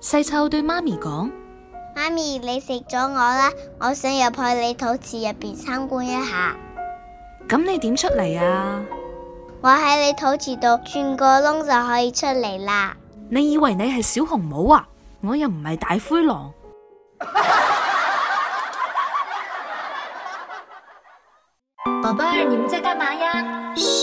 細臭對媽咪講：媽咪，你食咗我啦，我想入去你肚臍入邊參觀一下。咁你點出嚟啊？我喺你肚臍度轉個窿就可以出嚟啦。你以為你係小紅帽啊？我又唔係大灰狼。寶貝 你們在幹嘛呀、啊？